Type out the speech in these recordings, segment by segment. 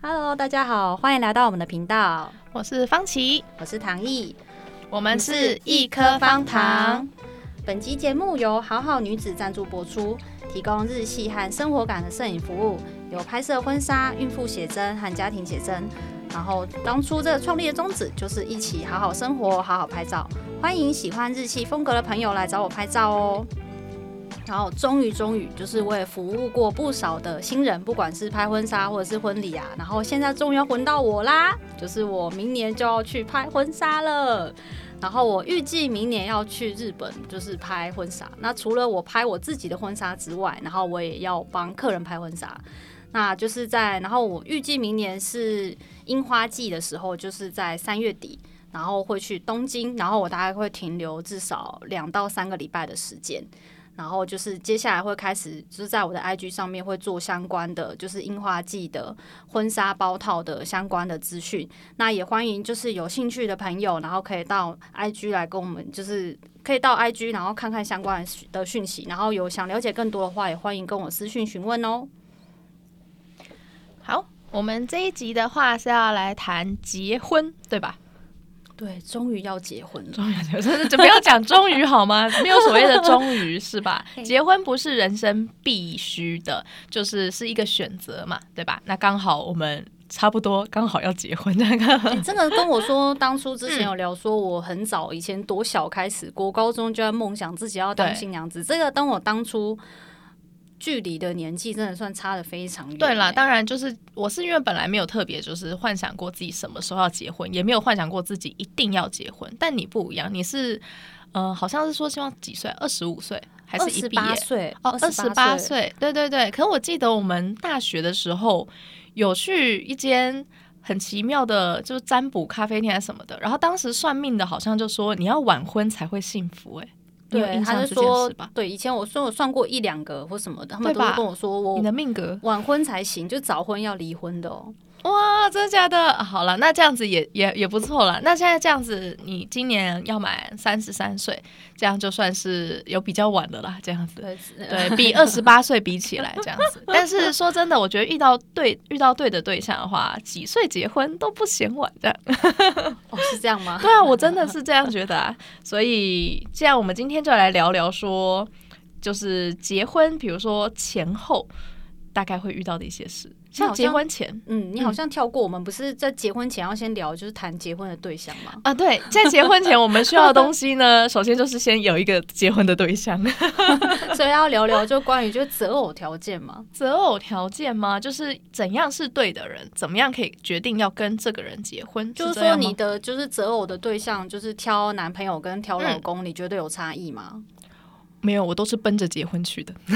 Hello，大家好，歡迎來到我們的頻道。我是方琪，我是唐毅，我們是一顆方糖。本集節目由好好女子贊助播出，提供日系和生活感的攝影服務，有拍攝婚紗、孕婦寫真和家庭寫真。然後當初這個創立的宗旨就是一起好好生活，好好拍照。歡迎喜歡日系風格的朋友來找我拍照哦。然後終於終於，就是我也服務過不少的新人，不管是拍婚紗或者是婚禮啊。然後現在終於要輪到我啦，就是我明年就要去拍婚紗了。然後我預計明年要去日本，就是拍婚紗。那除了我拍我自己的婚紗之外，然後我也要幫客人拍婚紗。那就是在然後我預計明年是櫻花季的時候，就是在三月底，然後會去東京，然後我大概會停留至少兩到三個禮拜的時間。然後就是接下來會開始，就是在我的 IG 上面會做相關的，就是櫻花季的婚紗包套的相關的資訊。那也歡迎就是有興趣的朋友，然後可以到 IG 來跟我們，就是可以到 IG 然後看看相關的訊息。然後有想了解更多的話，也歡迎跟我私訊詢問哦。好，我們這一集的話是要來談結婚，對吧？對，終於要結婚了。終於要結婚了，真 就不要講終於好嗎？ 沒有所謂的終於是吧？ 結婚不是人生必須的，就是是一個選擇嘛，對吧？那剛好我們差不多，剛好要結婚。 欸、這個，這跟我說，當初之前有聊說，我很早以前多小開始，國高中就在夢想自己要當新娘子。這個，當我當初。距離的年紀真的算差的非常遠。對、欸、啦，當然就是我是因為本來沒有特別就是幻想過自己什麼時候要結婚，也沒有幻想過自己一定要結婚。但你不一樣，你是，呃，好像是說希望幾歲？二十五歲還是一畢業？二十八歲？哦，二十八歲。對對對。可是我記得我們大學的時候有去一間很奇妙的，就是占卜咖啡店還是什麼的。然後當時算命的好像就說你要晚婚才會幸福、欸。哎。對是，他就說，對，以前我說我算過一兩個或什麼的，他們都會跟我說我，我你的命格晚婚才行，就早婚要離婚的哦。哇，真的假的？啊、好了，那這樣子也也也不錯了。那現在這樣子，你今年要滿三十三歲，這樣就算是有比較晚的啦。這樣子，對，比二十八歲比起來，這樣子。 但是說真的，我覺得遇到對遇到對的對象的話，幾歲結婚都不嫌晚的。哦，是這樣嗎？對啊，我真的是這樣覺得啊。 所以，既然我們今天就來聊聊說，就是結婚，比如說前後大概會遇到的一些事。像結婚前，嗯，你好像跳過。我們、嗯、不是在結婚前要先聊，就是談結婚的對象嗎？啊，對，在結婚前我們需要的東西呢， 首先就是先有一個結婚的對象， 所以要聊聊就關於就擇偶條件嘛？擇偶條件嗎？就是怎樣是對的人，怎麼樣可以決定要跟這個人結婚？就是說你的就是擇偶的對象，就是挑男朋友跟挑老公，嗯、你覺得有差異嗎？沒有，我都是奔着結婚去的。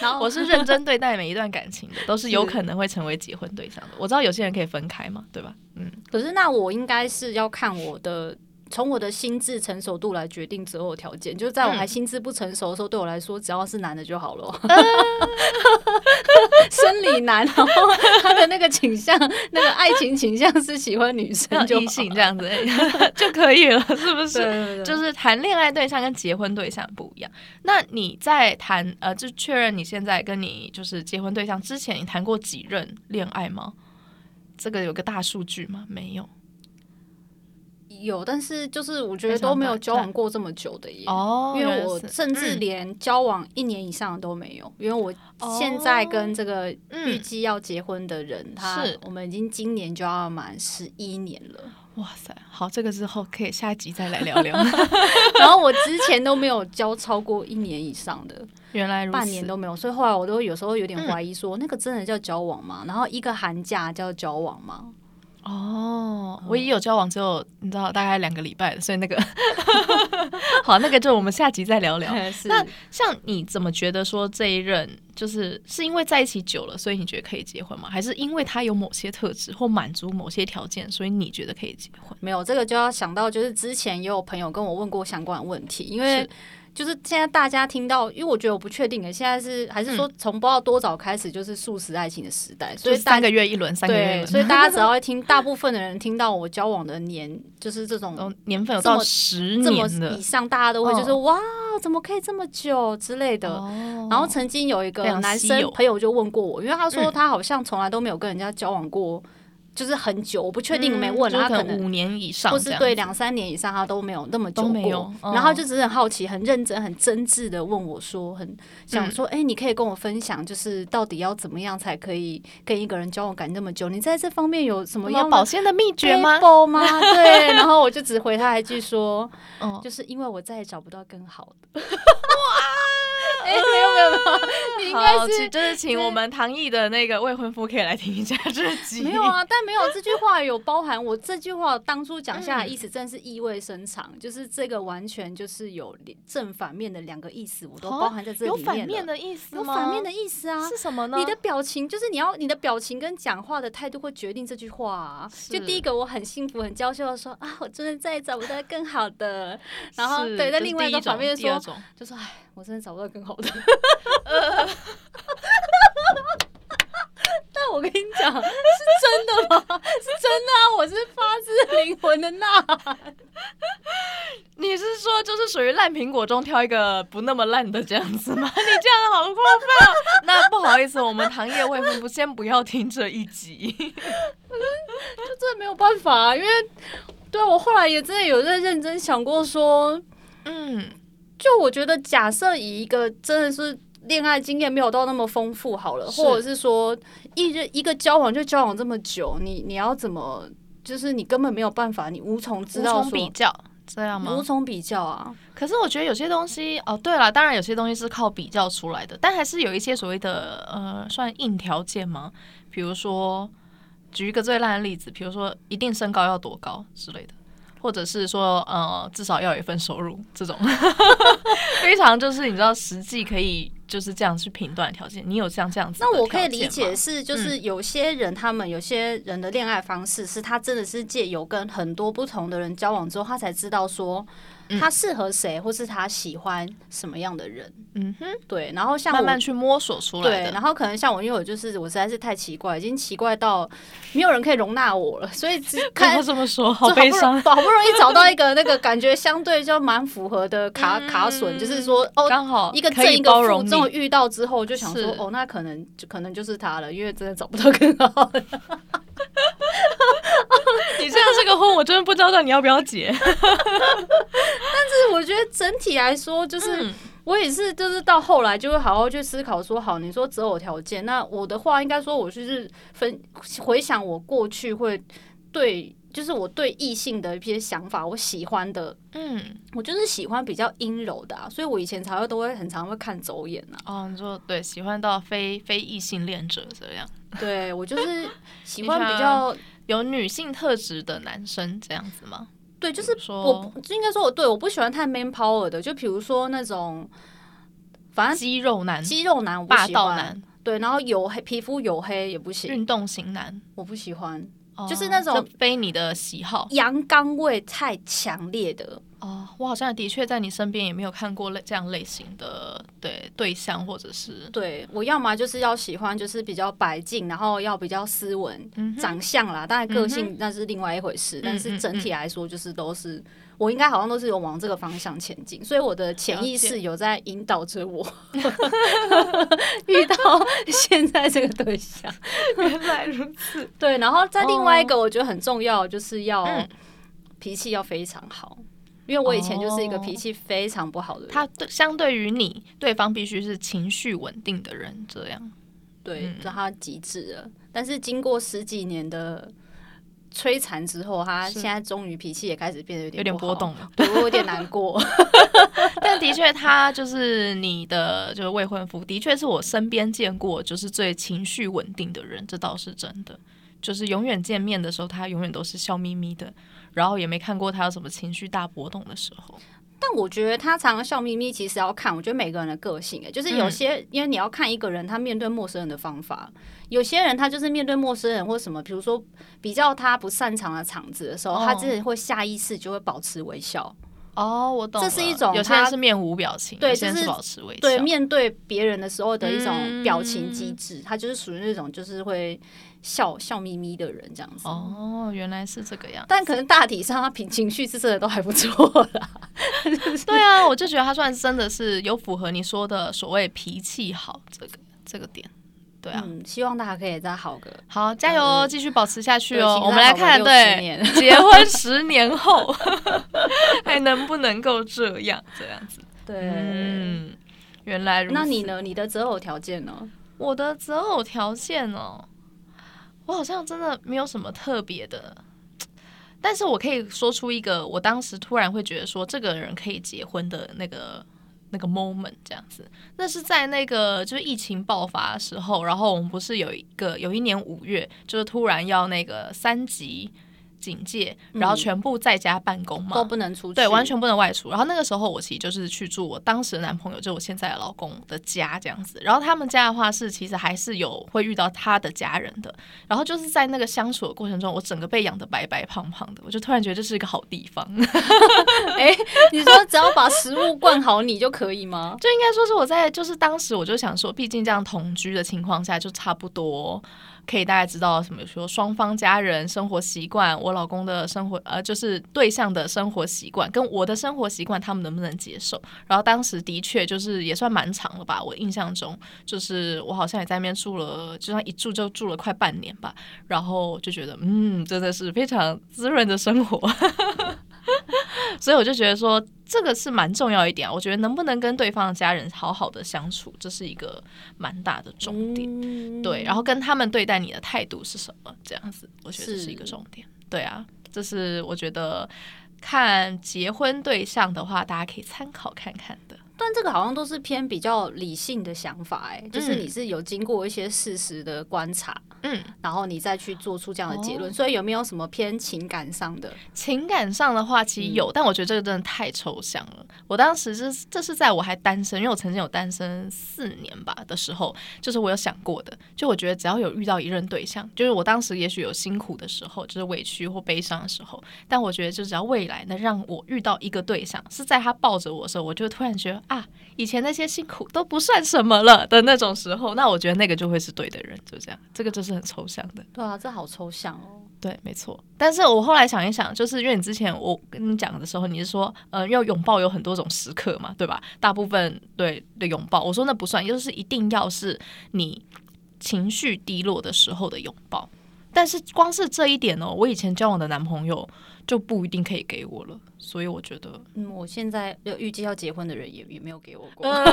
然後我是認真對待每一段感情的，都是有可能會成為結婚對象的。 我知道有些人可以分開嘛，對吧？嗯。可是那我應該是要看我的。從我的心智成熟度來決定擇偶條件，就是在我還心智不成熟的時候、嗯，對我來說，只要是男的就好了。啊、 生理男，然後他的那個傾向， 那個愛情傾向是喜歡女生，就異性這樣子 就可以了，是不是？對對對，就是談戀愛對象跟結婚對象不一樣。那你在談呃，就確認你現在跟你就是結婚對象之前，你談過幾任戀愛嗎？這個有個大數據嗎？沒有。有，但是就是我覺得都沒有交往過這麼久的耶，因為我甚至連交往一年以上都沒有。嗯、因為我現在跟這個預計要結婚的人他，他、嗯、我們已經今年就要滿十一年了。哇塞，好，這個之後可以下一集再來聊聊。 然後我之前都沒有交超過一年以上的，原來如此，半年都沒有，所以後來我都有時候有點懷疑說、嗯，那個真的叫交往嗎？然後一個寒假叫交往嗎？哦，我也有交往有，之、嗯、後，你知道大概兩個禮拜了，所以那個 好，那個就我們下集再聊聊、哎。那像你怎麼覺得說這一任就是是因為在一起久了，所以你覺得可以結婚嗎？還是因為他有某些特質或滿足某些條件，所以你覺得可以結婚？沒有這個就要想到，就是之前也有朋友跟我問過相關的問題，因為。就是現在大家聽到，因為我覺得我不確定耶，現在是還是說從不知道多早開始就是速食愛情的時代，嗯、所以三個月一輪，三個月，對，所以大家只要聽，大部分的人聽到我交往的年， 就是這種年份有這麼十年以上，大家都會覺得、就是、哦、哇，怎麼可以這麼久之類的、哦。然後曾經有一個男生朋友就問過我，因為他說他好像從來都沒有跟人家交往過。嗯就是很久，我不確定沒問、嗯、他可，可能五年以上，或是對兩三年以上，他都沒有那麼久過。沒有哦、然後就只是很好奇、很認真、很真摯的問我說：“很想說，哎、嗯欸，你可以跟我分享，就是到底要怎麼樣才可以跟一個人交往感那麼久？你在這方面有什麼要保鮮的，的秘訣嗎？嗎 對。然後我就只回他一句說、哦：“就是因為我再也找不到更好的。”哇！ 哎，沒有沒有沒有，你應該是就是請我們唐毅的那個未婚夫可以來聽一下這集。 沒有啊，但沒有，這句話有包含我這句話當初講下來意思真是意味深長、嗯，就是這個完全就是有正反面的兩個意思，我都包含在這裡面、哦、有反面的意思嗎？有反面的意思啊？是什麼呢？你的表情就是你要你的表情跟講話的態度會決定這句話、啊。就第一個我很幸福很嬌羞的說啊，我真的再也找不到更好的。然後對，在、就是、另外一個反面說，就說哎。我真的找不到更好的、 呃， 但，我跟你講，是真的嗎？是真的啊！我是發自靈魂的吶喊。你是說就是屬於爛蘋果中挑一個不那麼爛的這樣子嗎？你這樣好過分啊！那不好意思，我們行業未婚夫先不要聽這一集。嗯， 這真的沒有辦法、啊，因為對我後來也真的有在認真想過說，嗯。就我覺得，假設以一個真的是戀愛經驗沒有到那麼豐富好了，或者是說一日一個交往就交往這麼久，你你要怎麼，就是你根本沒有辦法，你無從知道說無從比較，這樣嗎？無從比較啊。可是我覺得有些東西，哦，對啦，當然有些東西是靠比較出來的，但還是有一些所謂的呃算硬條件嗎？比如說，舉一個最爛的例子，比如說一定身高要多高之類的。或者是說，呃，至少要有一份收入，這種 非常就是你知道實際可以就是這樣去評斷條件。你有像這樣子？那我可以理解是，就是有些人他們有些人的戀愛方式是他真的是借由跟很多不同的人交往之後，他才知道說。嗯、他適合誰，或是他喜歡什麼樣的人？嗯哼，對，然後像慢慢去摸索出來的。對，然後可能像我，因為我就是我實在是太奇怪，已經奇怪到沒有人可以容納我了，所以看 跟這麼說，好悲傷，好不容易找到一個那個感覺相對就蠻符合的卡、嗯、卡榫，就是說哦，剛好一個正一個負，這種遇到之後，就想說哦，那可能就可能就是他了，因為真的找不到更好的。 你現在這個婚，我真的不知道你要不要結 。 但是我覺得整體來說，就是我也是，就是到後來就會好好去思考說，好，你說擇偶條件，那我的話應該說，我就是分回想我過去會對，就是我對異性的一些想法，我喜歡的，嗯，我就是喜歡比較陰柔的，啊，所以我以前才會都會很常會看走眼吶。哦，你說對，喜歡到非非異性戀者這樣。對，我就是喜歡比較。有女性特質的男生這樣子嗎？對，就是我就應該說我對我不喜歡太 man power 的，就比如說那種反正肌肉男、肌肉男、霸道男，對，然後黝黑皮膚黝黑也不行，運動型男我不喜歡，哦，就是那種背你的喜好，陽剛味太強烈的。哦、oh，我好像的確在你身邊也沒有看過類這樣類型的對對象，或者是對我，要麼就是要喜歡，就是比較白淨，然後要比較斯文，mm -hmm. 長相啦，當然個性那是另外一回事，mm -hmm. 但是整體來說，就是都是、mm -hmm. 我應該好像都是有往這個方向前進，所以我的潛意識有在引導着我、okay. 遇到現在這個對象， 原來如此，對，然後再另外一個我覺得很重要，oh. 就是要脾氣要非常好。因為我以前就是一個脾氣非常不好的人，哦、他相對於你，對方必須是情緒穩定的人，這樣，對，讓、嗯、他極致了。但是經過十幾年的摧殘之後，他現在終於脾氣也開始變得有點有點波動了，對我有點難過。 但的確，他就是你的就是未婚夫，的確是我身邊見過就是最情緒穩定的人，這倒是真的。就是永遠見面的時候，他永遠都是笑眯眯的。然後也沒看過他有什麼情緒大波動的時候，但我覺得他常常笑眯眯，其實要看，我覺得每個人的個性、欸，誒，就是有些、嗯，因為你要看一個人他面對陌生人的方法，有些人他就是面對陌生人或什麼，比如說比較他不擅長的場子的時候，哦、他自己會下意識就會保持微笑。哦，我懂了，這是一種他有些人是面無表情，對，有些人是保持微笑，就是、對，面對別人的時候的一種表情機制、嗯，他就是屬於那種就是會笑笑眯眯的人這樣子。哦，原來是這個樣子，但可能大體上他情緒是這的都還不錯啦 、就是。對啊，我就覺得他算是真的是有符合你說的所謂脾氣好這個這個點。對啊、嗯，希望大家可以再好個好，加油，嗯、繼續保持下去哦。我們來看，對，結婚十年後 還能不能夠這樣這樣子？對、嗯，原來如此。那你呢？你的擇偶條件呢？我的擇偶條件哦，我好像真的沒有什麼特別的，但是我可以說出一個，我當時突然會覺得說，這個人可以結婚的那個。那個 moment 這樣子，那是在那個就是疫情爆發的時候，然後我們不是有一個有一年五月，就是突然要那個三級。警戒，然後全部在家辦公嘛，都不能出去，對，完全不能外出。然後那個時候，我其實就是去住我當時的男朋友，就我現在的老公的家這樣子。然後他們家的話是，其實還是有會遇到他的家人的。然後就是在那個相處的過程中，我整個被養得白白胖胖的，我就突然覺得這是一個好地方。哎、 欸，你說只要把食物灌好你就可以嗎？就應該說是我在，就是當時我就想說，畢竟這樣同居的情況下就差不多、哦。可以大概知道什麼？比如說雙方家人生活習慣，我老公的生活，呃，就是對象的生活習慣，跟我的生活習慣，他們能不能接受？然後當時的確就是也算蠻長了吧，我印象中就是我好像也在那邊住了，就算一住就住了快半年吧。然後就覺得，嗯，真的是非常滋潤的生活。 所以我就覺得說，這個是蠻重要一點啊。我覺得能不能跟對方的家人好好的相處，這是一個蠻大的重點。嗯。對，然後跟他們對待你的態度是什麼，這樣子，我覺得這是一個重點。對啊，這是我覺得看結婚對象的話，大家可以參考看看的。但這個好像都是偏比較理性的想法，欸，哎、嗯，就是你是有經過一些事實的觀察，嗯，然後你再去做出這樣的結論、哦。所以有沒有什麼偏情感上的？情感上的話，其實有、嗯，但我覺得這個真的太抽象了。我當時、就是，這是在我還單身，因為我曾經有單身四年吧的時候，就是我有想過的。就我覺得，只要有遇到一任對象，就是我當時也許有辛苦的時候，就是委屈或悲傷的時候，但我覺得，就只要未來能讓我遇到一個對象，是在他抱着我的時候，我就突然覺得。啊，以前那些辛苦都不算什麼了的那種時候，那我覺得那個就會是對的人，就這樣，這個就是很抽象的。對啊，這好抽象哦。對，沒錯。但是我後來想一想，就是因為你之前我跟你講的時候，你是說，呃，要擁抱有很多種時刻嘛，對吧？大部分對的擁抱，我說那不算，就是一定要是你情緒低落的時候的擁抱。但是光是這一點哦，我以前交往的男朋友就不一定可以給我了，所以我覺得，嗯，我現在要預計要結婚的人也也沒有給我過。那 你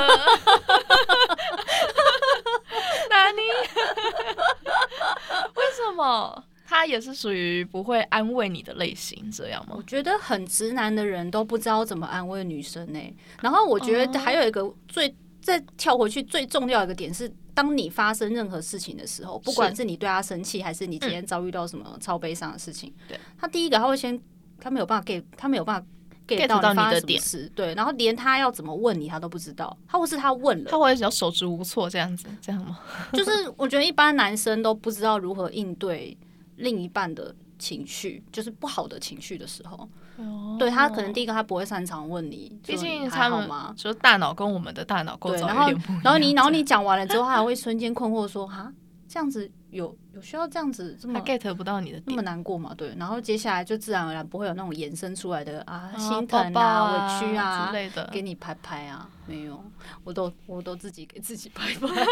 哪裡 為什麼？他也是屬於不會安慰你的類型，這樣嗎？我覺得很直男的人都不知道怎麼安慰女生呢、欸。然後我覺得還有一個最。再跳回去，最重要的一個點是，當你發生任何事情的時候，不管是你對他生氣，還是你今天遭遇到什麼超悲傷的事情，對，他第一個他會先，他沒有辦法給，他沒有辦法給到你的點，對，然後連他要怎麼問你，他都不知道，他或是他問了，他會想要手足無措這樣子，這樣嗎？就是我覺得一般男生都不知道如何應對另一半的情緒，就是不好的情緒的時候。Oh. 對，他可能第一個他不會擅長問你，畢竟他還好嗎？說大腦跟我們的大腦構造有點不一樣，然後然後你然後你講完了之後，他還會瞬間困惑說啊，這樣子有有需要這樣子這麼他 get 不到你的那麼難過嘛？對，然後接下來就自然而然不會有那種延伸出來的啊、oh, 心疼啊、爸爸啊委屈啊之類的，給你拍拍啊，沒有，我都我都自己給自己拍拍。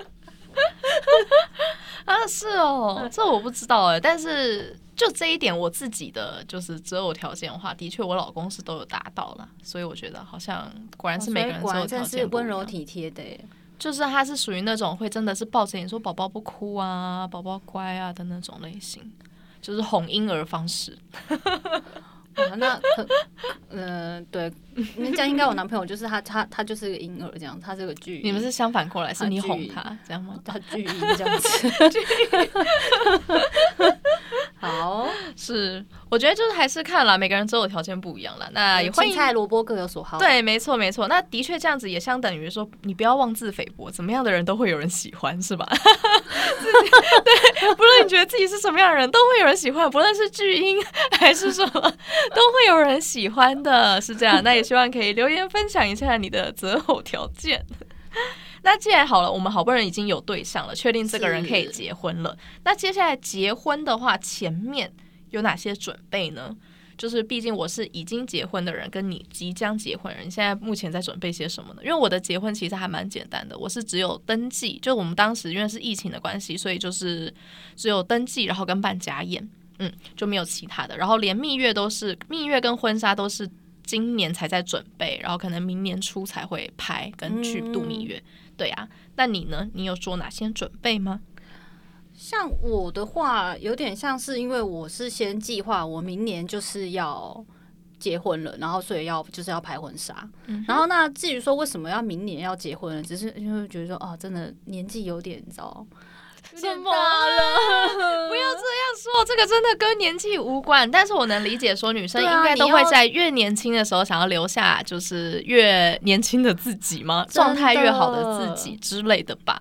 啊，是哦，這我不知道哎。但是就這一點，我自己的就是擇偶條件的話，的確我老公是都有達到了，所以我覺得好像果然是每個人都，哦，是溫柔體貼的，就是他是屬於那種會真的是抱着你說寶寶不哭啊，寶寶乖啊的那種類型，就是哄嬰兒方式。那嗯、呃，對。人 家應該我男朋友就是他，他他就是個嬰兒這樣，他這個巨嬰。你們是相反過來，是你哄他這樣嗎？他巨嬰這樣子。 好，是我覺得就是還是看啦，每個人擇偶條件不一樣了。那也歡迎、嗯、青菜蘿蔔各有所好。對，沒錯沒錯。那的確這樣子也相等於說，你不要妄自菲薄，怎麼樣的人都會有人喜歡，是吧？ 對，不論你覺得自己是什麼樣的人都會有人喜歡，不論是巨嬰還是什麼，都會有人喜歡的，是這樣。那也是。希望可以留言分享一下你的擇偶條件。 那既然好了，我們好不容易已經有對象了，確定這個人可以結婚了。那接下來結婚的話，前面有哪些準備呢？就是畢竟我是已經結婚的人，跟你即將結婚人，你現在目前在準備些什麼呢？因為我的結婚其實還蠻簡單的，我是只有登記，就我們當時因為是疫情的關係，所以就是只有登記，然後跟辦家宴，嗯，就沒有其他的。然後連蜜月都是，蜜月跟婚紗都是。今年才在準備，然後可能明年初才會拍跟去度蜜月，對呀，啊？那你呢？你有做哪些準備嗎？像我的話，有點像是因為我是先計劃我明年就是要結婚了，然後所以要就是要拍婚紗，嗯。然後那至於說為什麼要明年要結婚了，只是因為覺得說啊，哦，真的年紀有點糟，你知道。怎麼了？ 不要這樣說，這個真的跟年紀無關。但是我能理解，說女生應該都會在越年輕的時候想要留下，就是越年輕的自己嗎？狀態越好的自己之類的吧。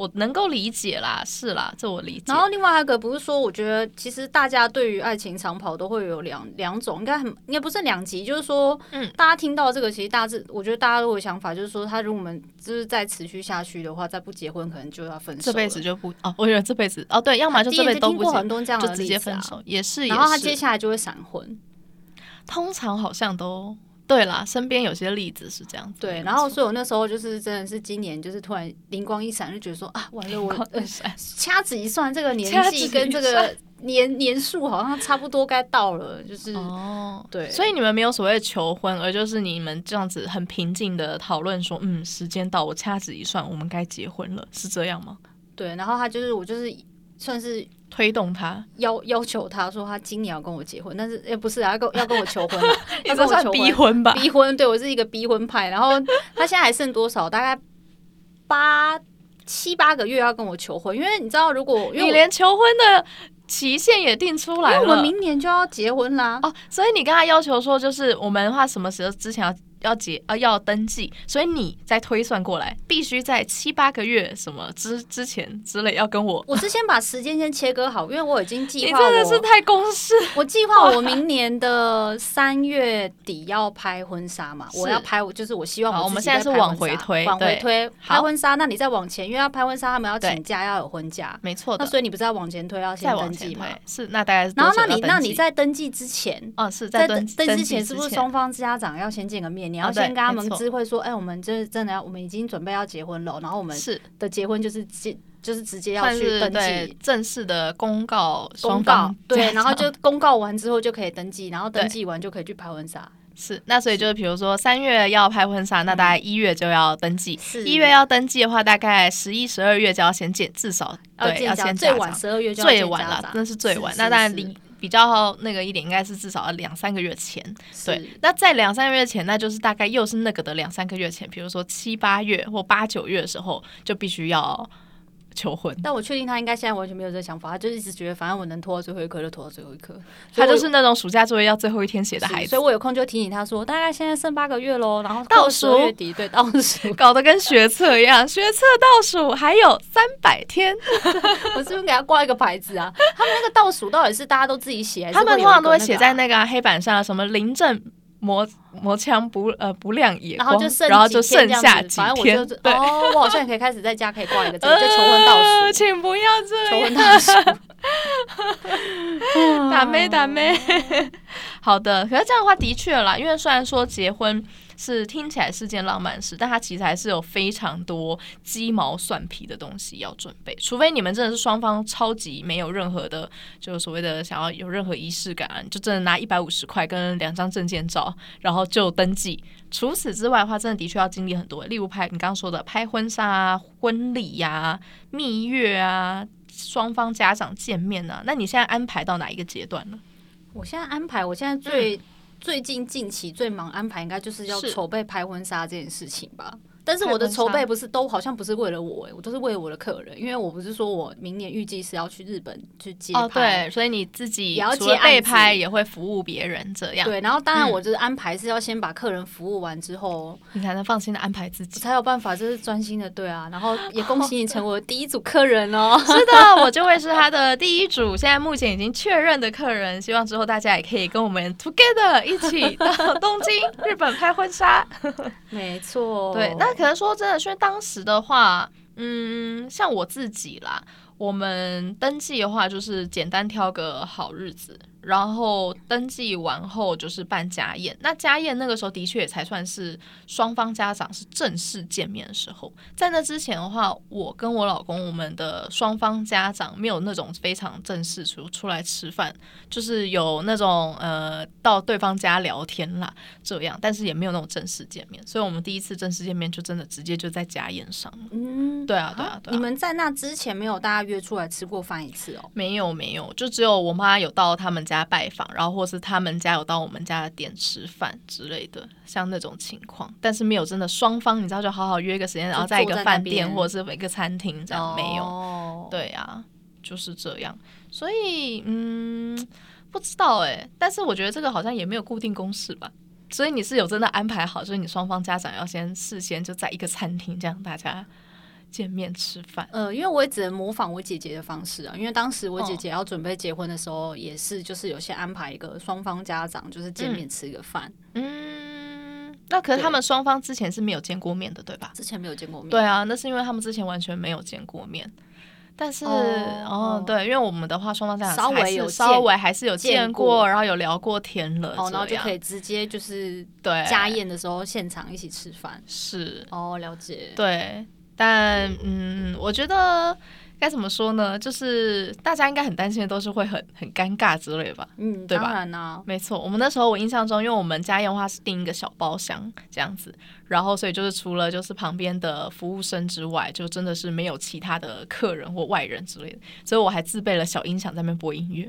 我能夠理解啦，是啦，這我理解。然後另外一個不是說，我覺得其實大家對於愛情長跑都會有兩兩種，應該很應該不是兩極，就是說，嗯，大家聽到這個，其實大致我覺得大家都有想法，就是說，他如果我們就是再持續下去的話，再不結婚可能就要分手，這輩子就不哦，我以為這輩子哦對，要麼就這輩子都不結，就直接分手，也是也是。然後他接下來就會閃婚，通常好像都。對啦，身邊有些例子是這樣子。對，然後所以我那時候就是真的是今年，就是突然靈光一閃，就覺得說啊，完了，我、呃、掐指一算，這個年紀跟這個年年數好像差不多，該到了。就是哦，oh, 對。所以你們沒有所謂求婚，而就是你們這樣子很平靜的討論說，嗯，時間到，我掐指一算，我們該結婚了，是這樣嗎？對，然後他就是我就是算是。推動他要，要要求他說他今年要跟我結婚，但是也、欸、不是、啊，要跟 要跟我求婚，這算逼婚吧？逼婚，對我是一個逼婚派。然後他現在還剩多少？大概八七八個月要跟我求婚，因為你知道，如果你連求婚的期限也定出來了，因為我們明年就要結婚啦。哦，所以你跟他要求說，就是我們的話，什麼時候之前要？要結啊，要登記，所以你再推算過來，必須在七八個月什麼之之前之類，要跟我。我是先把時間先切割好，因為我已經計劃。你真的是太公式。我計劃我明年的三月底要拍婚紗嘛，我要拍，就是我希望。我們現在是往回推，往回推拍婚紗。那你再往前，因為要拍婚紗，他們要請假，要有婚假，沒錯。那所以你不是要往前推，要先登記嗎？是，那大概是。然後那你那你在登記之前啊，是在登登記之前是不是雙方家長要先見個面？你要先跟他們知會說、啊，哎，我們這真的要，我們已經準備要結婚了，然後我們是的結婚就是進就是直接要去登記，正式的公告，公告對，然後就公告完之後就可以登記，然後登記完就可以去拍婚紗。是，那所以就是比如說三月要拍婚紗，那大概一月就要登記，一、嗯、月要登記的話，大概十一、十二月就要先見，至少、啊、對要先見，最晚十二月最晚了，那是最晚。那當然離。比較那個一點，應該是至少要兩三個月前。對，那在兩三個月前，那就是大概又是那個的兩三個月前，比如說七八月或八九月的時候，就必須要。求婚，但我確定他應該現在完全沒有這個想法，他就一直覺得反正我能拖到最後一刻就拖到最後一刻，他就是那種暑假作業要最後一天寫的孩子，子，所以我有空就提醒他說，大概現在剩八個月嘍，然後倒數月底對，倒數 搞得跟學測一樣， 學測倒數還有三百天， 我是不是給他掛一個牌子啊，他們那個倒數到底是大家都自己寫、 啊，還是他們通常都會寫在那個、啊、黑板上，什麼臨陣。磨磨槍不呃不亮眼，然後就剩然後就剩下幾天，反正我就對、哦，我好像可以開始在家可以掛一個鐘、這個， 就求婚倒數。呃、請不要這樣。求婚倒數， 打妹打妹， 好的，可是這樣的話的確啦，因為雖然說結婚，是聽起來是件浪漫事，但它其實還是有非常多雞毛蒜皮的東西要準備。除非你們真的是雙方超級沒有任何的，就是所謂的想要有任何儀式感、啊，就真的拿一百五十塊跟兩張證件照，然後就登記。除此之外的話，真的的確要經歷很多，例如拍你剛剛說的拍婚紗、啊、婚禮呀、啊、蜜月啊，雙方家長見面啊。那你現在安排到哪一個階段呢？我現在安排，我現在最、嗯。最近近期最忙安排，應該就是要籌備拍婚紗這件事情吧。但是我的籌備不是都好像不是為了我，欸，我都是為了我的客人，因為我不是說我明年預計是要去日本去接拍。哦、對，所以你自己也要被拍，也會服務別人這樣。對，然後當然我就是安排是要先把客人服務完之後，嗯，你才能放心的安排自己，才有辦法就是專心的對啊。然後也恭喜你成為第一組客人哦， 是的，我就會是他的第一組。 現在目前已經確認的客人，希望之後大家也可以跟我們 together 一起到東京日本拍婚紗， 沒錯，對那。那可能說真的，因為當時的話，嗯，像我自己啦，我們登記的話，就是簡單挑個好日子。然後登記完後就是辦家宴，那家宴那個時候的確也才算是雙方家長是正式見面的時候。在那之前的話，我跟我老公我們的雙方家長沒有那種非常正式出出來吃飯，就是有那種呃到對方家聊天啦，這樣，但是也沒有那種正式見面，所以我們第一次正式見面就真的直接就在家宴上。對，嗯，對啊對啊，對啊。你們在那之前沒有大家約出來吃過飯一次哦？沒有沒有，就只有我媽有到他們。家拜訪，然後或是他們家有到我們家的店吃飯之類的，像那種情況，但是沒有真的雙方，你知道就好好約個時間，然後在一個飯店或者是每個餐廳這樣，oh. 沒有，對啊，就是這樣。所以嗯，不知道哎、欸，但是我覺得這個好像也沒有固定公式吧。所以你是有真的安排好，就是你雙方家長要先事先就在一個餐廳這樣，大家，見面吃飯，呃，因為我也只能模仿我姐姐的方式啊。因為當時我姐姐要準備結婚的時候，也是就是有些安排一個雙方家長，就是見面吃一個飯。嗯，嗯，那可是他們雙方之前是沒有見過面的，對吧？之前沒有見過面，對啊，那是因為他們之前完全沒有見過面。但是，哦，哦對哦，因為我們的話在，雙方家長稍微有，還是稍微還是有見過，見過，然後有聊過天了，哦，然後就可以直接就是對家宴的時候現場一起吃飯。是哦，了解，對。但嗯，我覺得該怎麼說呢？就是大家應該很擔心的都是會很很尷尬之類吧，嗯，對吧、啊？沒錯。我們那時候我印象中，因為我們家宴的話是訂一個小包廂這樣子。然後，所以就是除了就是旁邊的服務生之外，就真的是沒有其他的客人或外人之類的。所以我還自備了小音響，在那播音樂。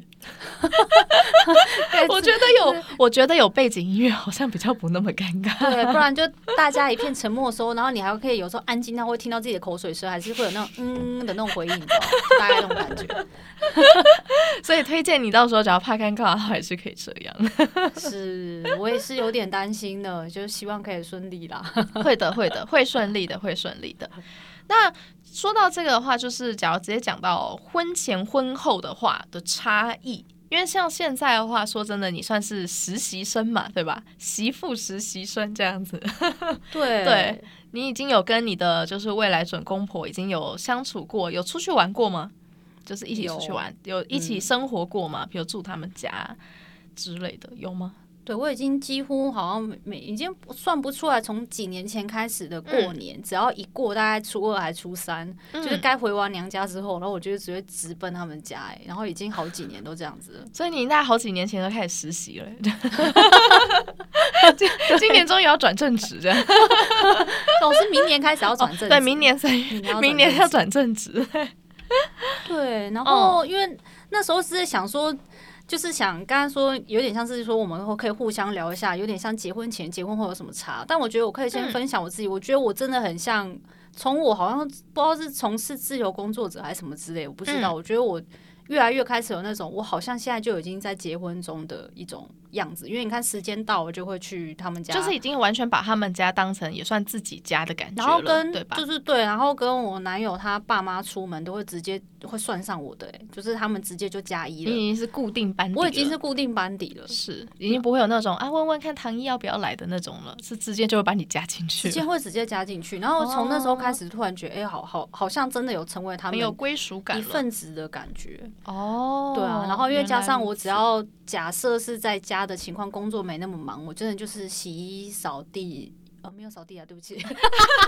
我覺得有，我覺得有背景音樂好像比較不那麼尷尬。對，不然就大家一片沉默的時候，然後你還可以有時候安靜到會聽到自己的口水聲，還是會有那種嗯的那種回應，大概那種感覺。所以推薦你到時候只要怕尷尬，還是可以這樣。是我也是有點擔心的，就希望可以順利啦。 會的，會的，會順利的，會順利的。那說到這個的話，就是假如直接講到婚前婚後的話的差異，因為像現在的話，說真的，你算是實習生嘛，對吧？媳婦實習生這樣子。對對，你已經有跟你的就是未來準公婆已經有相處過，有出去玩過嗎？就是一起出去玩，有，有一起生活過嗎？嗯。比如住他們家之類的，有嗎？對，我已經幾乎好像每已經算不出來，從幾年前開始的過年、嗯，只要一過大概初二還初三，嗯、就是該回完娘家之後，然後我就直接直奔他們家，哎，然後已經好幾年都這樣子。所以你應該好幾年前都開始實習了 對， 今年終於要轉正職，總 是明年開始要轉正、哦，對，明年明年要轉正職，對，然後因為、哦、那時候是在想說。就是想剛剛說有點像是說我們可以互相聊一下，有點像結婚前、結婚後有什麼差。但我覺得我可以先分享我自己，我覺得我真的很像，從我好像不知道是從事自由工作者還是什麼之類，我不知道。我覺得我越來越開始有那種，我好像現在就已經在結婚中的一種。樣子，因為你看時間到，我就會去他們家，就是已經完全把他們家當成也算自己家的感覺。然後跟，對吧？就是對，然後跟我男友他爸媽出門都會直接會算上我的、欸，就是他們直接就加一了。你已經是固定班底了，底我已經是固定班底了，是已經不會有那種啊，問問看唐一要不要來的那種了，是直接就會把你加進去，直接會直接加進去。然後從那時候開始，突然覺得，哎、哦欸，好好好像真的有成為他們有歸屬感一份子的感覺哦。對啊，然後因為加上我只要假設是在家。他的情況工作沒那麼忙，我真的就是洗衣掃地，啊、哦，沒有掃地啊，對不起，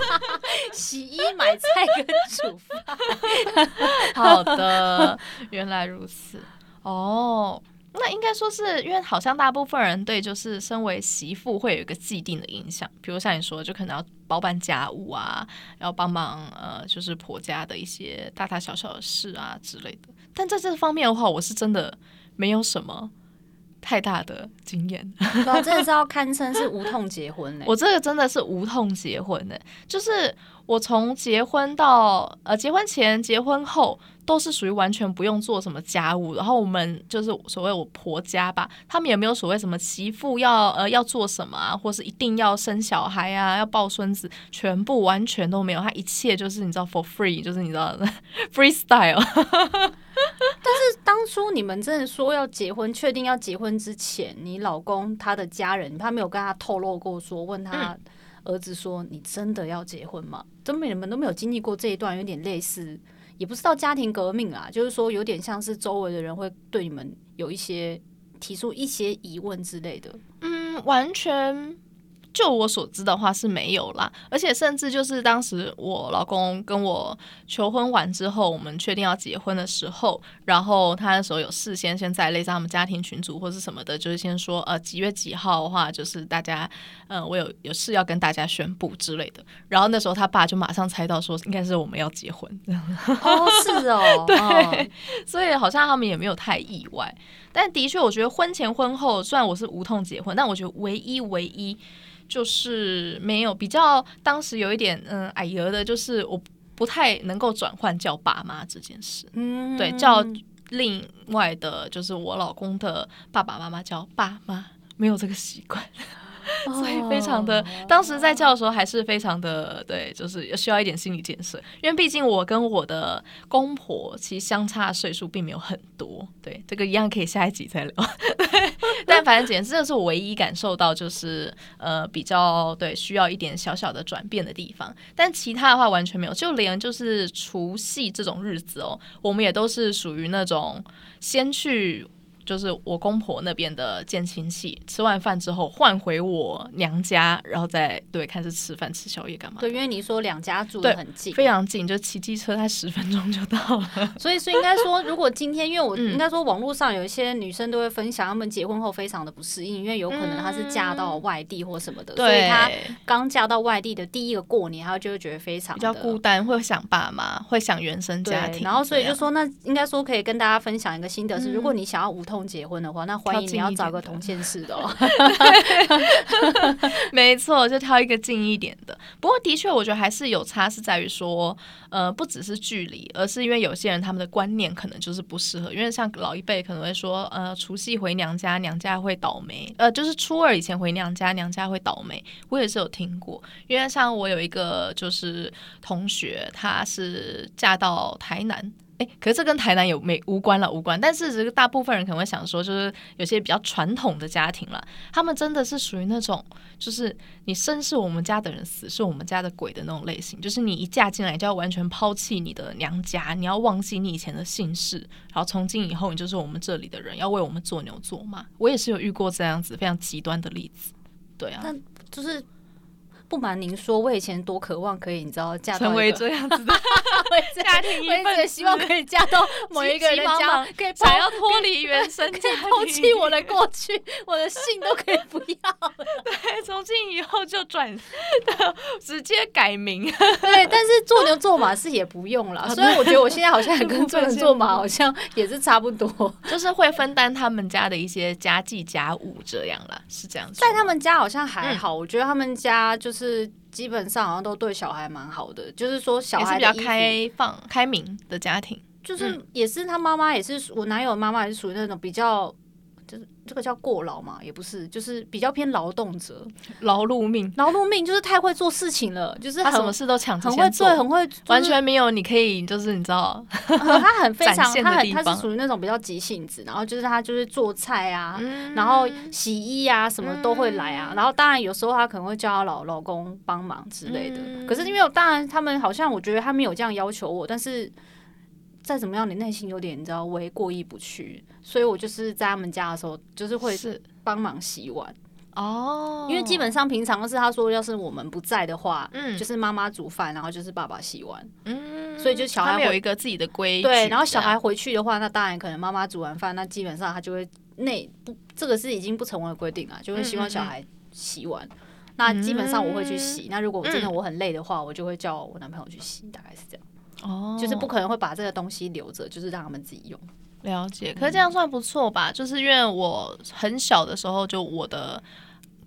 洗衣買菜跟煮飯。 好的，原來如此哦。那應該說是因為好像大部分人對就是身為媳婦會有一個既定的印象，比如像你說，就可能要包辦家務啊，要幫忙呃，就是婆家的一些大大小小的事啊之類的。但在這方面的話，我是真的沒有什麼。太大的經驗、啊，我這招、個、堪稱是無痛結婚嘞、欸！ 我這個真的是無痛結婚嘞、欸，就是。我從結婚到呃結婚前、結婚後都是屬於完全不用做什麼家務，然後我們就是所謂我婆家吧，他們也沒有所謂什麼媳婦要呃要做什麼啊，或是一定要生小孩啊，要抱孫子，全部完全都沒有，他一切就是你知道 for free，就是你知道 freestyle。但是當初你們真的說要結婚、確定要結婚之前，你老公他的家人，他沒有跟他透露過說，問他，嗯。兒子說：“你真的要結婚嗎？真你們都沒有經歷過這一段，有點類似，也不知道家庭革命啊，就是說有點像是周圍的人會對你們有一些提出一些疑問之類的。”嗯，完全。就我所知的話是沒有啦，而且甚至就是當時我老公跟我求婚完之後，我們確定要結婚的時候，然後他那時候有事先先在類似他們家庭群組或者什麼的，就是先說，呃，幾月幾號的話，就是大家嗯，我有有事要跟大家宣布之類的，然後那時候他爸就馬上猜到說應該是我們要結婚。哦？是哦。 對哦，所以好像他們也沒有太意外，但的確我覺得婚前婚後雖然我是無痛結婚，但我覺得唯一唯一。就是沒有比較，當時有一點嗯哎呦的，就是我不太能夠轉換叫爸媽這件事，嗯，對，叫另外的，就是我老公的爸爸媽媽叫爸媽，沒有這個習慣。所以非常的，oh。當時在叫的時候還是非常的，對，就是需要一點心理建設，因為畢竟我跟我的公婆其實相差歲數並沒有很多，對，這個一樣可以下一集再聊。對， 但反正簡直這是我唯一感受到就是呃比較對，需要一點小小的轉變的地方，但其他的話完全沒有，就連就是除夕這種日子哦，我們也都是屬於那種先去。就是我公婆那邊的見親戚，吃完飯之後換回我娘家，然後再對，開始吃飯、吃宵夜幹嘛？對，因為你說兩家住得很近，非常近，就騎機車才十分鐘就到了。所以，所以應該說，如果今天，因為我、嗯、應該說網絡上有一些女生都會分享，她們結婚後非常的不適應，因為有可能她是嫁到外地或什麼的，嗯、所以她剛嫁到外地的第一個過年，她就會覺得非常的比較孤單，會想爸媽，會想原生家庭。然後，所以就說那應該說可以跟大家分享一個心得是，如果你想要無痛。同結婚的話，那歡迎你要找個同縣市的哦。 沒錯，就挑一個近一點的。不過，的確，我覺得還是有差，是在於說，呃，不只是距離，而是因為有些人他們的觀念可能就是不適合。因為像老一輩可能會說，呃，除夕回娘家，娘家會倒霉，呃，就是初二以前回娘家，娘家會倒霉。我也是有聽過，因為像我有一個就是同學，她是嫁到台南。誒、欸，可是這跟台南有沒無關了無關，但是這個大部分人可能會想說，就是有些比較傳統的家庭了，他們真的是屬於那種，就是你生是我們家的人死，死是我們家的鬼的那種類型，就是你一嫁進來就要完全拋棄你的娘家，你要忘記你以前的姓氏，然後從今以後你就是我們這裡的人，要為我們做牛做馬。我也是有遇過這樣子非常極端的例子，對啊，那就是。不瞞您說，我以前多渴望可以，你知道，嫁到成為這樣子的 為家庭一份，希望可以嫁到某一個人家可以，想要脫離原生，可以拋棄我的過去，我的姓都可以不要。 對，從今以後就轉，直接改名。 對，但是做牛做馬是也不用了。 所以我覺得我現在好像還跟做牛做馬好像也是差不多， 就是會分擔他們家的一些家計家務這樣啦。是這樣子，在他們家好像還好、嗯，我覺得他們家就是。是基本上好像都對小孩蠻好的，就是說小孩是比較開放、開明的家庭，就是也是他媽媽，也是、嗯、我男友媽媽，也是屬於那種比較。就是這個叫過勞嘛，也不是，就是比較偏勞動者，勞碌命，勞碌命就是太會做事情了，就是他什麼事都搶着先做，很會做，很會做，就是，完全沒有你可以，就是你知道，呃、他很非常展現的地方，他很，他是屬於那種比較急性子，然後就是他就是做菜啊，嗯、然後洗衣啊什麼都會來啊，然後當然有時候他可能會叫他老老公幫忙之類的，嗯、可是因為我當然他們好像我覺得他沒有這樣要求我，但是。再怎麼樣，你內心有點你知道，我也過意不去，所以我就是在他們家的時候，就是會幫忙洗碗哦。Oh, 因為基本上平常都是他說，要是我們不在的話，嗯，就是媽媽煮飯，然後就是爸爸洗碗，嗯，所以就小孩會有一個自己的規矩。對，然後小孩回去的話，嗯、那當然可能媽媽煮完飯，那基本上他就會累，不，這個是已經不成文的規定啊，就會希望小孩洗碗。嗯嗯，那基本上我會去洗，嗯。那如果真的我很累的話，我就會叫我男朋友去洗，大概是這樣。哦，oh，就是不可能會把這個東西留着，就是讓他們自己用。了解，可是這樣算不錯吧，嗯？就是因為我很小的時候，就我的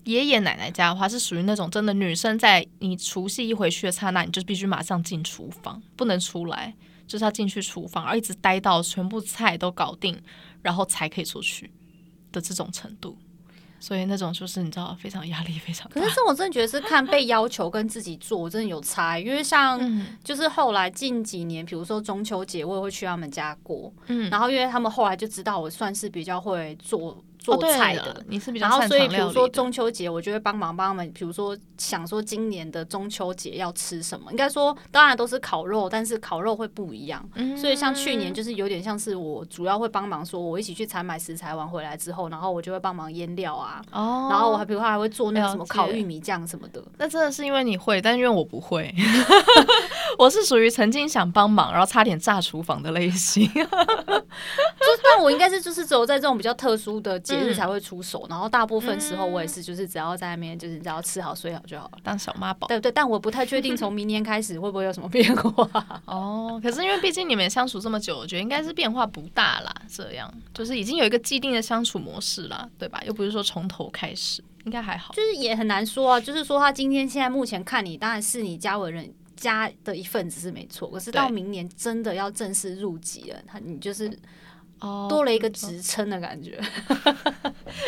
爺爺奶奶家的話，是屬於那種真的女生在你除夕一回去的剎那，你就必須馬上進廚房，不能出來，就是要進去廚房，而一直待到全部菜都搞定，然後才可以出去的這種程度。所以那種就是你知道，非常壓力非常。可是這我真的覺得是看被要求跟自己做我真的有差，因為像就是後來近幾年，比如說中秋節，我也會去他們家過。然後因為他們後來就知道我算是比較會做。做菜的，哦，你是比較的。然後所以比如說中秋節，我就會幫忙幫他們。比如說想說今年的中秋節要吃什麼，應該說當然都是烤肉，但是烤肉會不一樣。嗯、所以像去年就是有點像是我主要會幫忙，說我一起去採買食材完回來之後，然後我就會幫忙醃料啊。哦，然後我還比如說還會做那個什麼烤玉米醬什麼的。那真的是因為你會，但因為我不會。 我是屬於曾經想幫忙，然後差點炸廚房的類型。 就但我應該是就是只有在這種比較特殊的節日才會出手，嗯，然後大部分時候我也是就是只要在外面就是只要吃好睡好就好了，當小媽寶。對，對對，但我不太確定從明年開始會不會有什麼變化。 哦，可是因為畢竟你們相處這麼久，我覺得應該是變化不大啦。這樣就是已經有一個既定的相處模式啦，對吧？又不是說從頭開始，應該還好。就是也很難說啊。就是說他今天現在目前看你當然是你家為人。家的一份子是沒錯，可是到明年真的要正式入籍了。他你就是多了一個職稱的感覺，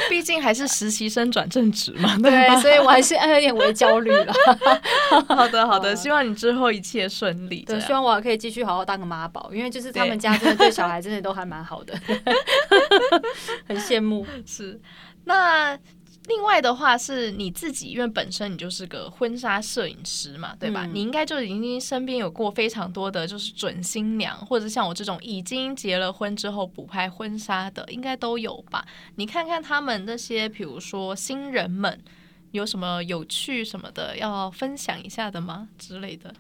畢、哦、 竟還是實習生轉正職嘛。對，對，所以我還是有點微焦慮了 好。好的，好的，嗯，希望你之後一切順利。對，希望我還可以繼續好好當個媽寶，因為就是他們家真的對小孩真的都還蠻好的。 很羨慕。是那。另外的話是你自己，因為本身你就是個婚紗攝影師嘛，對吧？嗯，你應該就已經身邊有過非常多的就是準新娘，或者像我這種已經結了婚之後補拍婚紗的，應該都有吧？你看看他們那些，比如說新人們，有什麼有趣什麼的要分享一下的嗎？之類的。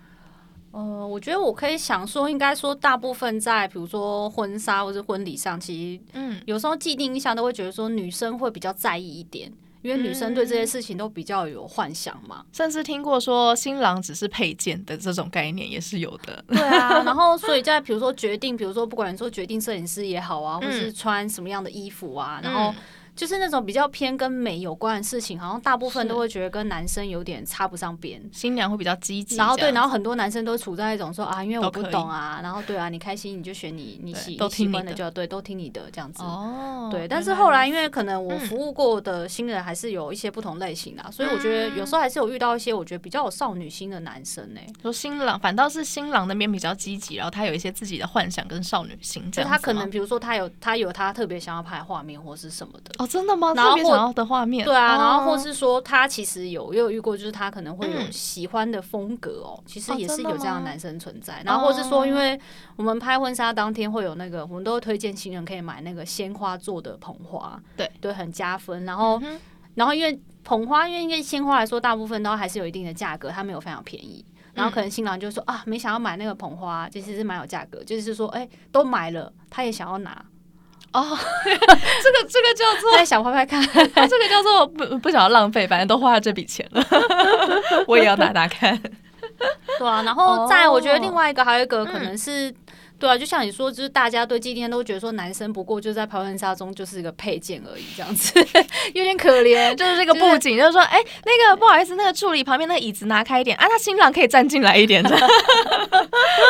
呃，我覺得我可以想說，應該說大部分在比如說婚紗或者婚禮上，其實嗯，有時候既定印象都會覺得說女生會比較在意一點。因為女生對這些事情都比較有幻想嘛、嗯，甚至聽過說新郎只是配件的這種概念也是有的。對啊，然後所以在比如說決定，比 如說不管說決定攝影師也好啊，或是穿什麼樣的衣服啊，嗯、然後。就是那種比較偏跟美有關的事情，好像大部分都會覺得跟男生有點插不上邊。新娘會比較積極。然後對，然後很多男生都處在一種說啊，因為我不懂啊。然後對啊，你開心你就選你，你喜都聽你喜歡的就對，都聽你的這樣子。哦，對。但是後來因為可能我服務過的新人還是有一些不同類型的、嗯，所以我覺得有時候還是有遇到一些我覺得比較有少女心的男生呢、欸。說新郎反倒是新郎那邊比較積極，然後他有一些自己的幻想跟少女心，就他可能比如說他有他有他特別想要拍的畫面或是什麼的。哦真的嗎？然後或的畫面對啊，啊，然後或是說他其實有也有遇過，就是他可能會有喜歡的風格哦、喔嗯，其實也是有這樣的男生存在。啊、然後或是說，因為我們拍婚紗當天會有那個，啊、我們都會推薦新人可以買那個鮮花做的捧花，對對，很加分。然後、嗯、然後因為捧花，因為因為鮮花來說，大部分都還是有一定的價格，它沒有非常便宜。然後可能新郎就說、嗯、啊，沒想要買那個捧花，其、就、實是蠻有價格，就是說哎、欸，都買了，他也想要拿。哦、oh, 這個這個叫做想拍拍看，這個叫做不不想要浪費，反正都花了這筆錢了， 我也要打打看 ，對啊，然後在我覺得另外一個、oh, 還有一個可能是。對啊，就像你說，就是大家對今天都覺得說，男生不過就在拍婚紗中就是一個配件而已，這樣子 有點可憐，就是這、就是、個布景，就是說哎、欸，那個不好意思，那個助理旁邊那個椅子拿開一點，啊，他新郎可以站進來一點的，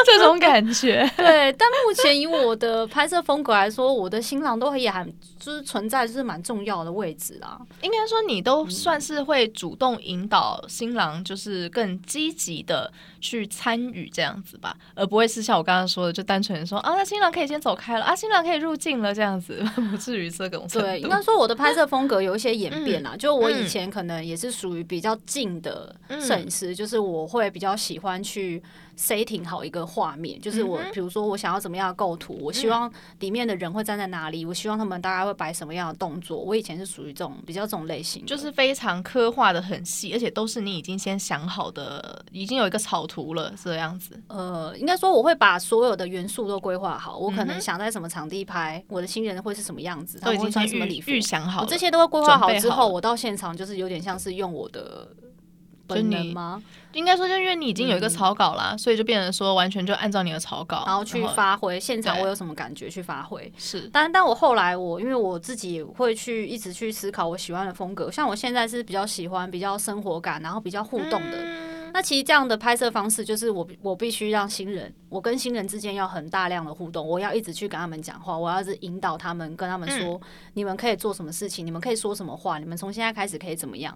這種感覺。 對，但目前以我的拍攝風格來說，我的新郎都可以很。就是存在就是蠻重要的位置啦。應該說你都算是會主動引導新郎，就是更積極的去參與這樣子吧，而不會是像我剛剛說的，就單純說啊，那新郎可以先走開了啊，新郎可以入鏡了這樣子，不至於這個。對，應該說我的拍攝風格有一些演變啦。 嗯、就我以前可能也是屬於比較近的攝影師、嗯，就是我會比較喜歡去 setting 好一個畫面，就是我、嗯、比如說我想要怎麼樣的構圖，我希望裡面的人會站在哪裡，我希望他們大家。會擺什麼樣的動作？我以前是屬於這種比較這種類型，就是非常刻畫得很細，而且都是你已經先想好的，已經有一個草圖了是這樣子。呃，應該說我會把所有的元素都規劃好，我可能想在什麼場地拍，嗯、我的新人會是什麼樣子，然後我穿什麼禮服，預想好了，我這些都會規劃好之後，我到現場就是有點像是用我的。就你嗎？應該說，就因為你已經有一個草稿啦，嗯，所以就變成說完全就按照你的草稿，然後去發揮。現場我有什麼感覺去發揮？是，但但我後來我因為我自己會去一直去思考我喜歡的風格。像我現在是比較喜歡比較生活感，然後比較互動的。嗯、那其實這樣的拍攝方式就是我我必須讓新人，我跟新人之間要很大量的互動。我要一直去跟他們講話，我要一直引導他們，跟他們說、嗯、你們可以做什麼事情，你們可以說什麼話，你們從現在開始可以怎麼樣。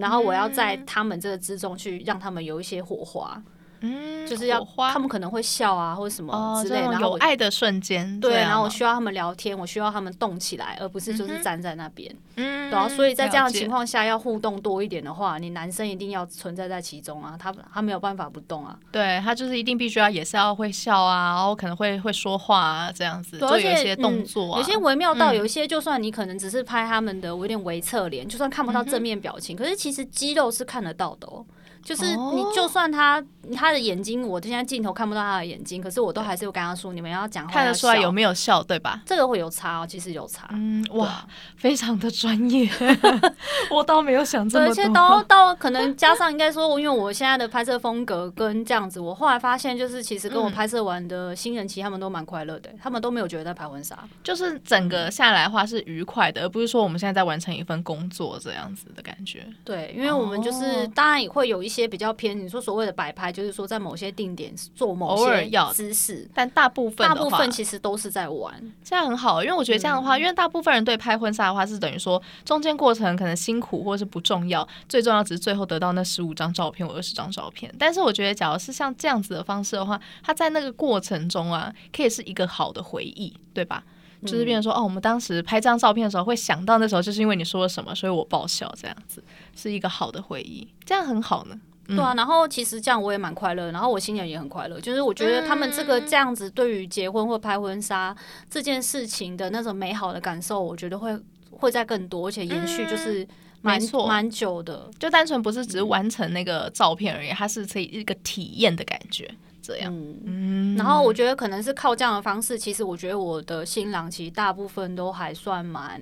然後我要在他們這個之中去，讓他們有一些火花。嗯，就是要他們可能會笑啊，或者什麼之類的。哦、有愛的瞬間，對，然後我需要他們聊天、啊，我需要他們動起來，而不是就是站在那邊。嗯，然後、啊、所以在這樣的情況下，要互動多一點的話，你男生一定要存在在其中啊，他他沒有辦法不動啊。對，他就是一定必須要也是要會笑啊，然後可能會會說話啊，這樣子做一些動作、啊嗯、有些微妙到有一些，就算你可能只是拍他們的我、嗯、有點微側臉，就算看不到正面表情，嗯、可是其實肌肉是看得到的哦。就是你，就算他、oh, 他的眼睛，我現在鏡頭看不到他的眼睛，可是我都還是有跟他說，你們要講話要笑，看得出來有沒有笑，對吧？這個會有差、哦，其實有差。嗯，哇，非常的專業， 我倒沒有想這麼多。而且到到可能加上，應該說，因為我現在的拍攝風格跟這樣子，我後來發現，就是其實跟我拍攝完的新人，其實他們都蠻快樂的、嗯，他們都沒有覺得在拍婚紗，就是整個下來的話是愉快的、嗯，而不是說我們現在在完成一份工作這樣子的感覺。對，因為我們就是當然也會有一些。些比較偏，你說所謂的擺拍，就是說在某些定點做某些姿勢，但大部分大部分其實都是在玩，這樣很好，因為我覺得這樣的話，因為大部分人對拍婚紗的話是等於說中間過程可能辛苦或是不重要，最重要只是最後得到那十五張照片或二十張照片。但是我覺得，假如是像這樣子的方式的話，它在那個過程中啊，可以是一個好的回憶，對吧？就是變成說哦，我們當時拍這張照片的時候，會想到那時候，就是因為你說了什麼，所以我爆笑這樣子，是一個好的回憶，這樣很好呢。嗯、對啊，然後其實這樣我也蠻快樂，然後我新人也很快樂。就是我覺得他們這個這樣子，對於結婚或拍婚紗這件事情的那種美好的感受，我覺得會會再更多，而且延續就是。蠻久的，就單純不是只是完成那個照片而已。嗯、它是可以一個體驗的感覺這樣。嗯，然後我覺得可能是靠這樣的方式，其實我覺得我的新郎其實大部分都還算蠻，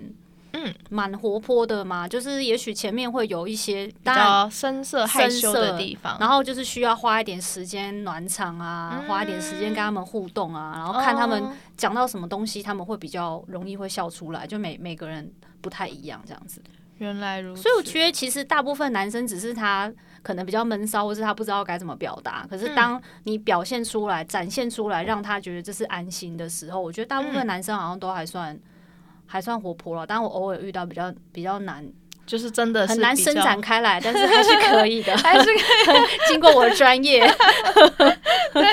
蠻、嗯、活潑的嘛。就是也許前面會有一些，當然深色害羞的地方，然後就是需要花一點時間暖場啊、嗯，花一點時間跟他們互動啊，然後看他們講到什麼東西，他們會比較容易會笑出來，哦、就每每個人不太一樣這樣子。原來如此，所以我覺得其實大部分男生只是他可能比較悶騷，或是他不知道該怎麼表達。可是當你表現出來、嗯、展現出來，讓他覺得這是安心的時候，我覺得大部分男生好像都還算、嗯、還算活潑了。但我偶爾遇到比較比較難，就是真的是很難伸展開來，但是還是可以的， 還是可以、嗯、經過我的專業， 對，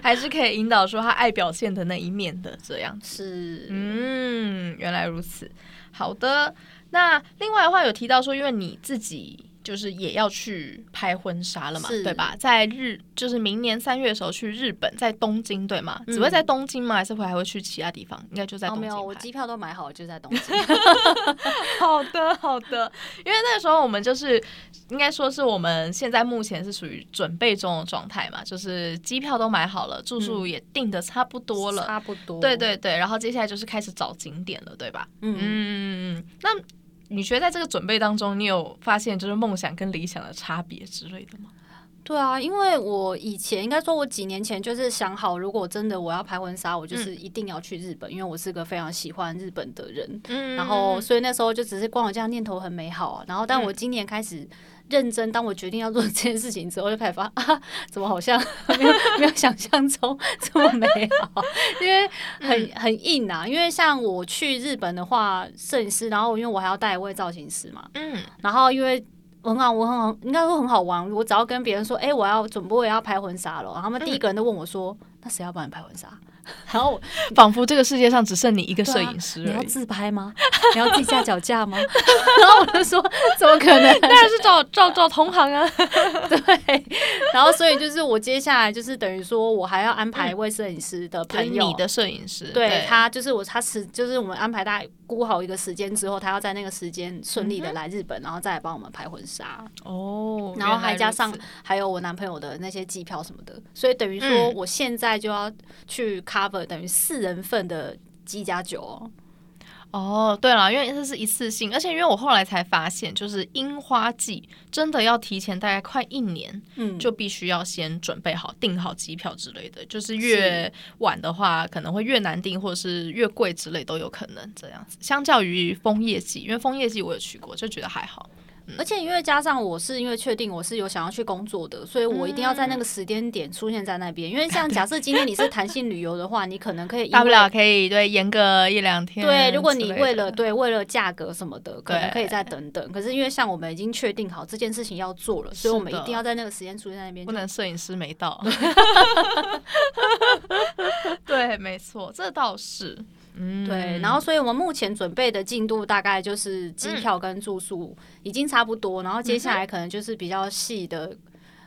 還是可以引導說他愛表現的那一面的。這樣子是，嗯，原來如此，好的。那另外的話有提到說，因為你自己就是也要去拍婚紗了嘛，對吧？在日就是明年三月的時候去日本，在東京對嗎？嗯？只會在東京嗎？還是會還會去其他地方？應該就在東京。哦沒有，我機票都買好了，就在東京。 好的，好的。 因為那個時候我們就是應該說是我們現在目前是屬於準備中的狀態嘛，就是機票都買好了，住宿也定的差不多了，嗯，差不多。對對對，然後接下來就是開始找景點了，對吧？嗯嗯嗯嗯，那。你覺得在這個準備當中，你有發現就是夢想跟理想的差別之類的嗎？對啊，因為我以前應該說，我幾年前就是想好，如果真的我要拍婚紗，我就是一定要去日本。嗯。因為我是個非常喜歡日本的人。嗯。然後，所以那時候就只是光有這樣念頭很美好啊。然後，但我今年開始。嗯認真，當我決定要做這件事情之後，我就開始發啊，怎麼好像沒有沒有想象中 這麼美好？因為很很硬啊。因為像我去日本的話，攝影師，然後因為我還要帶一位造型師嘛，嗯，然後因為很好，我很好，應該說很好玩。我只要跟別人說，哎、欸，我要準備要拍婚紗了，然後他們第一個人都問我說，嗯、那誰要幫你拍婚紗？然後仿佛這個世界上只剩你一個攝影師。啊。你要自拍嗎？你要自己架腳架嗎？ 然後我就說怎麼可能？當然是照照照同行啊。 對。然後所以就是我接下來就是等於說我還要安排一位攝影師的朋友，嗯、你的攝影師。對，對他就是我，他是就是我們安排大家估好一個時間之後，他要在那個時間順利的來日本，嗯、然後再來幫我們拍婚紗。哦。然後還加上還有我男朋友的那些機票什麼的，所以等於說我現在就要去看。cover 等於四人份的機加酒哦。哦，oh，對了，因為這是一次性，而且因為我後來才發現，就是櫻花季真的要提前大概快一年，嗯，就必須要先準備好訂好機票之類的。就是越晚的話，可能會越難訂，或者是越貴之類都有可能這樣子。相較於楓葉季，因為楓葉季我有去過，就覺得還好。而且因為加上我是因為確定我是有想要去工作的，所以我一定要在那個時間點出現在那邊。因為像假設今天你是彈性旅遊的話，你可能可以大不了，可以對延個一兩天。對，如果你為了對為了價格什麼的，可能可以再等等。可是因為像我們已經確定好這件事情要做了，所以我們一定要在那個時間出現在那邊。不能攝影師沒到。 對，沒錯，這倒是。嗯、對，然後所以我們目前準備的進度大概就是機票跟住宿已經差不多，嗯、然後接下來可能就是比較細的。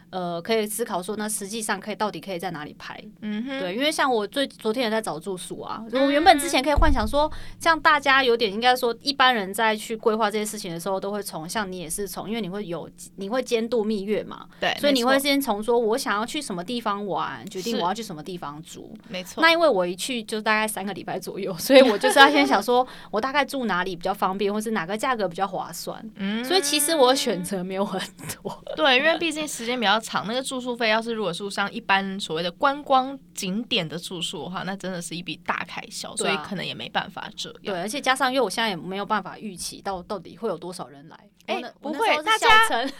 呃，可以思考說，那實際上可以到底可以在哪裡拍？嗯，對，因為像我最昨天也在找住宿啊。我、嗯嗯、原本之前可以幻想說，像大家有點應該說一般人在去規劃這些事情的時候，都會從像你也是從，因為你會有你會監督蜜月嘛，對，所以你會先從說，我想要去什麼地方玩，決定我要去什麼地方住，沒錯。那因為我一去就大概三個禮拜左右，所以我就是要先想說我大概住哪裡比較方便， 或是哪個價格比較划算。嗯，所以其實我選擇沒有很多，對， 因為畢竟時間比較。長那個住宿費，要是如果說像一般所謂的觀光景點的住宿的話，那真的是一筆大開銷，啊，所以可能也沒辦法這樣。對，而且加上，因為我現在也沒有辦法預期到到底會有多少人來。哎、欸哦，不會，小陳，我跟他們一起，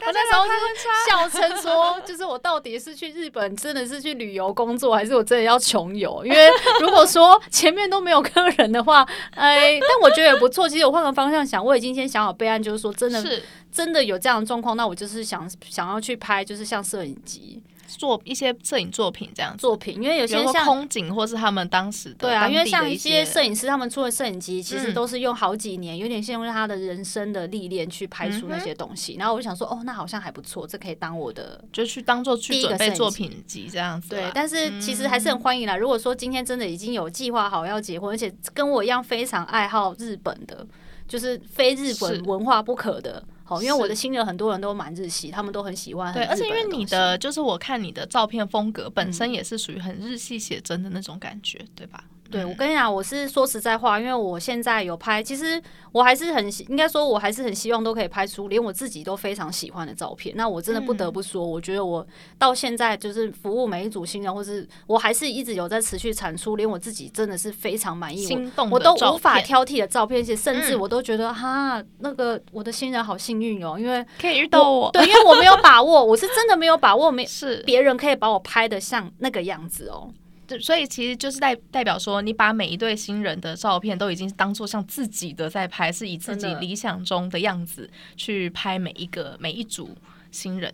大家小陳說， 就是我到底是去日本真的是去旅遊工作，還是我真的要窮遊？因為如果說前面都沒有客人的話，哎，但我覺得也不錯。其實我換個方向想，我已經先想好備案，就是說真的是。真的有這樣的狀況，那我就是想想要去拍，就是像攝影集，做一些攝影作品這樣作品。因為有些像空景，或是他們當時的，對啊，的，因為像一些攝影師，他們出的攝影集，其實都是用好幾年、嗯，有點像用他的人生的歷練去拍出那些東西、嗯。然後我就想說，哦，那好像還不錯，這可以當我的，就去當做去準備作品集這樣子。對，但是其實還是很歡迎啦。如果說今天真的已經有計劃好要結婚，而且跟我一樣非常愛好日本的，就是非日本文化不可的。哦，因為我的新人很多人都蠻日系，他們都很喜歡很日本的東西。對，而且因為你的就是我看你的照片風格本身也是屬於很日系寫真的那種感覺，嗯，對吧？對，我跟你講，我是說實在話，因為我現在有拍，其實我還是很應該說，我還是很希望都可以拍出連我自己都非常喜歡的照片。那我真的不得不說，嗯、我覺得我到現在就是服務每一組新人，或是我還是一直有在持續產出，連我自己真的是非常滿意，我，我都無法挑剔的照片，且甚至我都覺得哈、嗯啊，那個我的新人好幸運哦，因為可以遇到我， 對，因為我沒有把握，我是真的沒有把握，沒是別人可以把我拍的像那個樣子哦。所以，其實就是代代表說，你把每一對新人的照片都已經當做像自己的在拍，是以自己理想中的樣子去拍每一個每一組新人。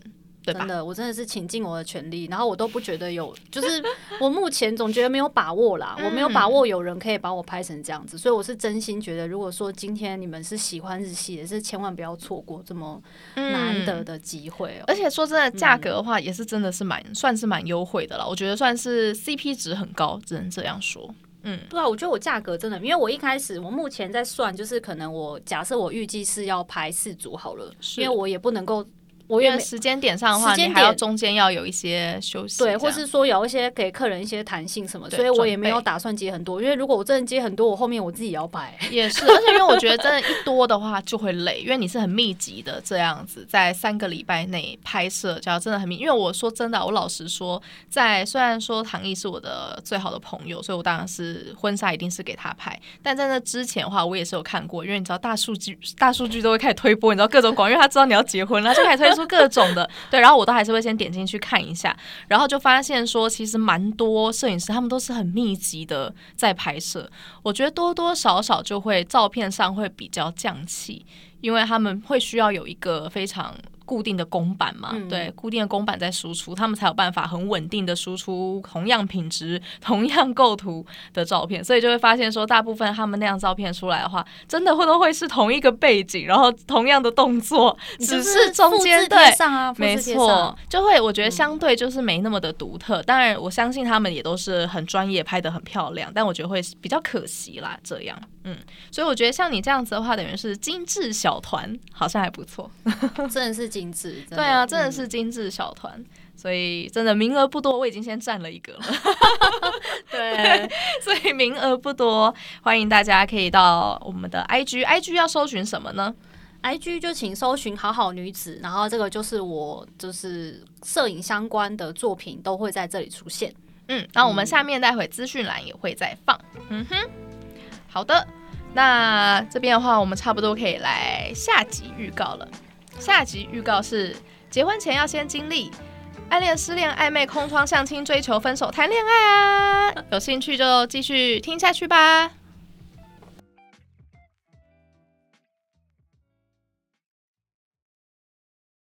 真的，我真的是傾盡我的全力，然後我都不覺得有，就是我目前總覺得沒有把握啦、 嗯，我沒有把握有人可以把我拍成這樣子，所以我是真心覺得，如果說今天你們是喜歡日系的，是千萬不要錯過這麼難得的機會、喔嗯、而且說真的，價格的話也是真的是蠻、嗯、算是蠻優惠的啦，我覺得算是 CP 值很高，只能這樣說。嗯，對啊，我覺得我價格真的，因為我一開始我目前在算，就是可能我假設我預計是要拍四組好了，因為我也不能夠。我因為時間點上的話，你還要中間要有一些休息，對，或是說有一些給客人一些彈性什麼，所以我也沒有打算接很多。因為如果我真的接很多，我後面我自己要擺也是，而且因為我覺得真的，一多的話就會累， 因為你是很密集的這樣子，在三個禮拜內拍攝，就要真的很密。因為我說真的，我老實說，在雖然說唐毅是我的最好的朋友，所以我當然是婚紗一定是給他拍，但在那之前的話，我也是有看過，因為你知道大數據，大數據都會開始推播，你知道各種廣，因為他知道你要結婚了，就開始推。 出 各種的，對，然後我都還是會先點進去看一下，然後就發現說，其實蠻多攝影師他們都是很密集的在拍攝，我覺得多多少少就會照片上會比較匠氣，因為他們會需要有一個非常。固定的公版嘛、嗯，對，固定的公版在輸出，他們才有辦法很穩定的輸出同樣品質、同樣構圖的照片，所以就會發現說，大部分他們那樣照片出來的話，真的會都會是同一個背景，然後同樣的動作，只是中間、啊、對，上啊、沒錯，就會我覺得相對就是沒那麼的獨特、嗯。當然，我相信他們也都是很專業，拍得很漂亮，但我覺得會比較可惜啦，這樣，嗯，所以我覺得像你這樣子的話，等於是精緻小團，好像還不錯，真的是。精緻對啊，真的是精緻小團、嗯，所以真的名額不多，我已經先占了一個了。 對， 所以名額不多，歡迎大家可以到我們的 IG，IG IG 要搜尋什麼呢？IG 就請搜尋好好女子，然後這個就是我就是攝影相關的作品都會在這裡出現。嗯，那我們下面待會資訊欄也會再放嗯。嗯哼，好的，那這邊的話，我們差不多可以來下集預告了。下集預告是：結婚前要先經歷暗戀、失戀、曖昧、空窗、相親、追求、分手、談戀愛啊！有興趣就繼續聽下去吧。